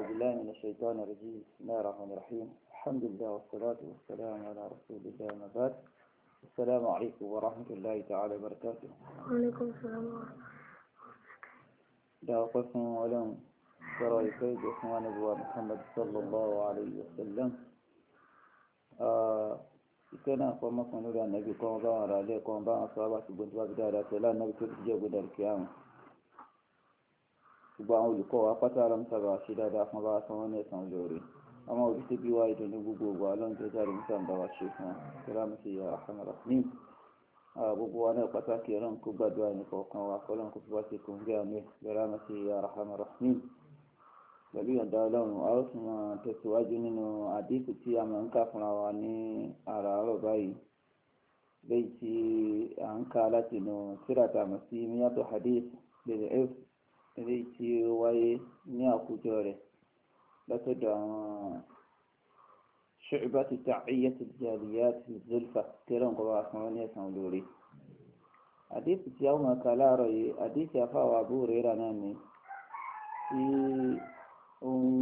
أعوذ بالله من الشيطان الرجيم بسم الله الرحمن الرحيم الحمد لله والصلاة والسلام على رسول الله ما بعد السلام عليكم ورحمة الله تعالى وبركاته وعليكم السلام ورحمة الله وبركاته لا قسم ولم ترى كيد إخوان أبو محمد صلى الله عليه وسلم كان أقوى مصنع النبي قوم بان عليه قوم بان أصحابه بنت وابدالة لا النبي تجيب القيامة gbogbo àwọn olùkọ́ wa pátá ọlọ́run sábà ṣe dáadáa fún bá sanwó ní ẹ̀sán olóore àwọn òbí bí wá ìdùnnú gbogbo ògbà ọlọ́run tó jáde ní sàǹdà wa ṣe fún kíláàmù sí ìyá àkàmàlà ní gbogbo wa náà pàtàkì ọlọ́run kó gbàdúrà ní kọ̀ọ̀kan wa kọ́ ọlọ́run kó fi wá sí kòǹgẹ́ àmì kíláàmù sí ìyá àkàmàlà ní pẹ̀lú ìyọ̀ǹda ọlọ́run a ó sì máa tẹ̀síwájú nínú àdínkù tí a máa ń kà fúnra wa ní àràárọ̀ báyìí léyìí tí à ń kà látinú tíratàmù sí miyato hadith eléyìí tí ó wáyé ní àkójọ rẹ̀ látọ̀dọ̀ àwọn ṣùgbọ́n tàcíyà ti jàdíyà ti zulfa tẹ́lẹ̀ ń kọ́ba fún wọn ní ẹ̀sán olórí. àdéhùn tí a máa kà láàárọ̀ yìí àdéhùn àfáwà àbúrò rẹ̀ náà ni tí ó ń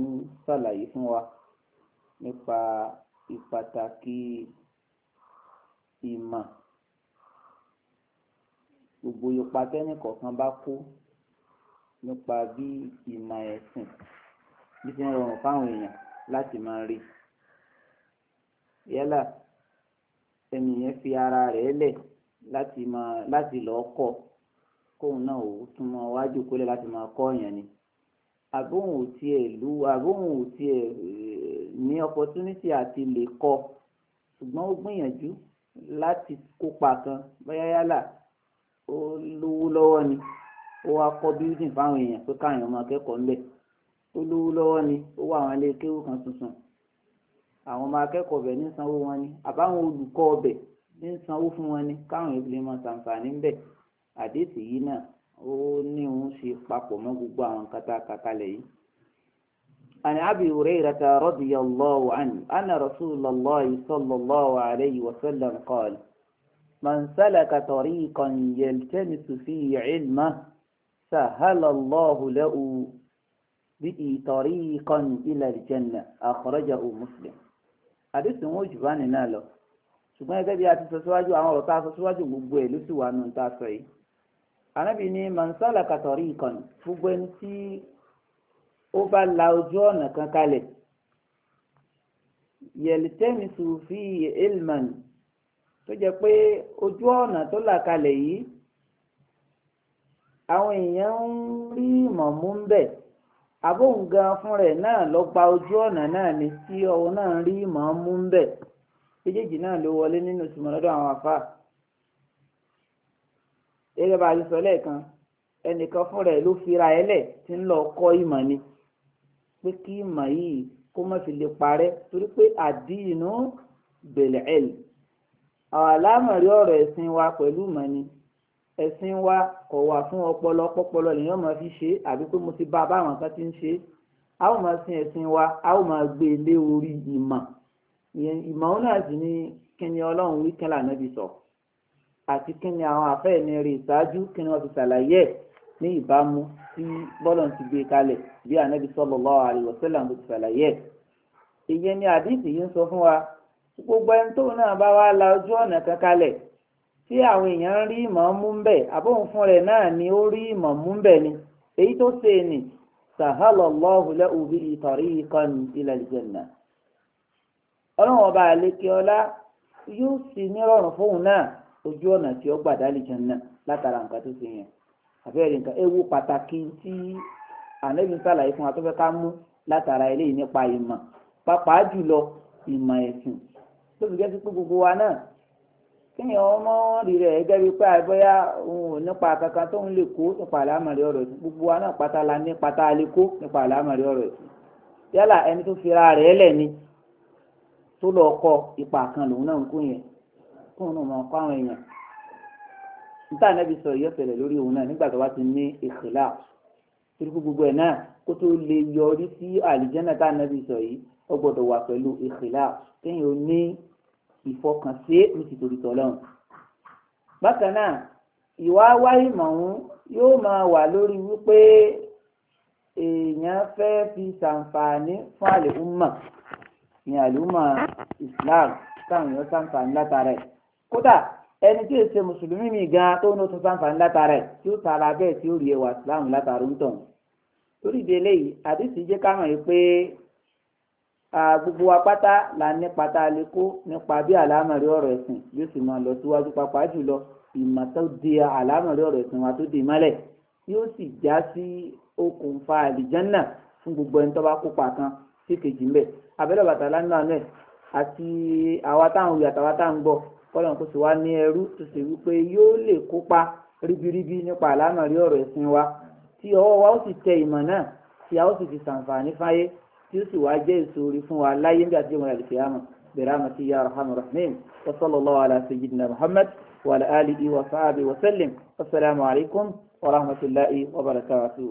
ṣàlàyé fún wa nípa ìpàtàkì ìmọ̀ gbogbo ipa bá kó nípa bí ìmọ̀ ẹ̀sìn bí ti ń rọrùn fáwọn èèyàn láti máa rí yálà ẹni yẹn fi ara rẹ̀ lẹ̀ láti máa láti lọ́ọ́ kọ́ kóun náà ò tún wájú kólẹ̀ láti máa kọ́ èèyàn ni àbóhùn ò tiẹ̀ lú àbóhùn ò tiẹ̀ eh, ní opportunity àti lè kọ́ ṣùgbọ́n ó gbìyànjú láti kópa kan bóyá yálà ó lówó lọ́wọ́ ni. ó wá kọ́ bíldìn fáwọn èèyàn pé káwọn máa kẹ́kọ̀ọ́ ńbẹ̀ ó lówó lọ́wọ́ ni ó wá àwọn ilé kan tuntun àwọn bẹ̀ wọn ni àbáwọn olùkọ́ ọbẹ̀ fún wọn ni káwọn ìbílẹ̀ ńbẹ̀ àdéhùn yìí náà ó ní òun ṣe papọ̀ mọ́ gbogbo àwọn yìí. سهل الله له به طريقا إلى الجنة أخرجه مسلم حديث موجبان نالو ṣùgbọ́n gẹ́gẹ́ bí a ti sọ síwájú àwọn ọ̀rọ̀ tá a sọ síwájú gbogbo ẹ̀ ló sì wà nù tá a sọ yìí. ànábì ní mansala katọ̀rí ìkànnì gbogbo ẹni tí ó bá la ojú ọ̀nà kan kalẹ̀ yẹ̀lìtẹ́mìsù fi ilman tó jẹ́ pé ojú ọ̀nà tó là kalẹ̀ yìí àwọn èèyàn ń rí ìmọ̀mú ń bẹ̀ àbóhùn gan fún rẹ̀ náà lọ gba ojú ọ̀nà náà ní tí ọwọ́ náà ń rí ìmọ̀mú ń bẹ̀ méjèèjì náà ló wọlé nínú ìtumọ̀ àwọn àfáà gẹ́gẹ́ bá a ti sọ lẹ́ẹ̀kan ẹnìkan fún rẹ̀ ló fira ẹ lẹ̀ tí ń lọ kọ́ ìmọ̀ ni pé kí ìmọ̀ yìí kó má fi lè parẹ́ torí pé àdínú bẹ̀lẹ̀ àwọn àlámọ̀rí ọ̀rọ̀ ẹ̀sìn wa pẹ̀lú ìmọ̀ ni ẹ̀sìn wa kò wà fún ọpọlọ pọpọlọ lèyàn máa fi ṣe àbí pé mo ti bá a báwọn kan ti ń ṣe a ó máa sin ẹ̀sìn wa a ó máa gbé e lé orí ìmọ̀ ìmọ̀ òun náà sì ni kíni ọlọ́run wí kíni ànábì sọ àti kíni àwọn àfẹ́ẹ̀ni rè ṣáájú kíni wọ́n fi ṣàlàyé ẹ̀ ní ìbámu tí bọ́lọ̀ ti gbé kalẹ̀ bí ànábì sallallahu alaihi wasallam ti ṣàlàyé ẹ̀ ìyẹn ni àdìsí yìí ń sọ fún wa gbogbo ẹni tóun náà bá wá la ojú ọ̀nà kan kalẹ̀ tí àwọn èèyàn rí ìmọ̀ mú ń bẹ̀ àbóhùn fún rẹ̀ náà ni ó rí ìmọ̀ ni èyí tó ṣe ni sàhálọ́lọ́hùn lẹ́hùn bí ìtọ̀rí ìkànnì ilẹ̀ ìjẹ̀nà ọlọ́run ọba àlekè yóò sì nírọ̀rùn fóun náà ojú ọ̀nà tí ó gbà dálì látara nǹkan tó ṣe yẹn ewu pàtàkì tí ànábì ń sàlàyé fún wa tó fẹ́ ká mú látara eléyìí nípa ìmọ̀ pàápàá jùlọ ìmọ̀ ẹ̀sìn tó fi wa náà kínyìn ọmọ rí rẹ̀ gẹ́gẹ́ bí pé àbẹ́yà òun ò nípa kankan tó ń lè kó nípa àlámọ̀rí ọ̀rọ̀ yìí gbogbo wa náà pátá la ní pátá lè kó nípa àlámọ̀rí ọ̀rọ̀ yìí yálà ẹni tó fira rẹ̀ lẹ̀ ni tó lọ kọ ipa kan lòun náà ń kó yẹn kó òun náà kó àwọn èèyàn níta náà fi sọ ìyọ́ fẹ̀lẹ̀ lórí òun náà nígbà tó bá ti ní ìkìlá tìrìkú gbogbo ẹ̀ náà kó tó lè yọrí sí àlìjẹ́nà tá ìfọkànsí ní tìtorí tọ́lọ́run bákan náà ìwà wáyé mọ̀ọ́hún yóò máa wà lórí wípé èèyàn fẹ́ fi ṣàǹfààní fún àlùmọ̀ ìyẹn àlùmọ̀ Islam táwọn èèyàn ṣàǹfààní látara ẹ̀ kódà ẹni tí èsè mùsùlùmí mi gan tó ní oṣù ṣàǹfààní látara ẹ̀ tí ó tara bẹ́ẹ̀ tí ó rí ẹwà Islam látara ń tàn torí ìdí eléyìí àdìsí jẹ́ ká yìí pé gbogbo wa pátá la ní pátá lè kó nípa bí àlámọ̀rí ọ̀rọ̀ ẹ̀sìn yóò sì máa lọ síwájú pàápàá jùlọ ìmọ̀ tó di àlámọ̀rí ọ̀rọ̀ ẹ̀sìn wa tó di mọ́lẹ̀ yóò sì já sí okùnfà àlìjánà fún gbogbo ẹni tó bá kópa kan sí kejì ńbẹ abẹ́rẹ́ bàtà lánàá náà àti àwa táwọn òye àtàwa táwọn ń bọ̀ kọ́lọ̀ kó sì wá ní ẹrú tó sì wí pé yóò lè kópa ribiribi nípa àlámọ̀rí ọ̀rọ̀ ẹ̀sìn wa tí ọwọ́ wa ó sì tẹ ìmọ̀ náà tí a ó sì fi ṣàǹfààní fáyé tí ó sì wá jẹ́ èso orí fún wa láyé nígbà tí ìwọ̀n àlùfẹ́ àmọ̀ bẹ̀rẹ̀ àmọ̀ sí yàrá hàn rahim wa sallallahu ala sayyidina muhammad wa ala wa sahbihi wa sallim wa rahmatullahi wa barakatuh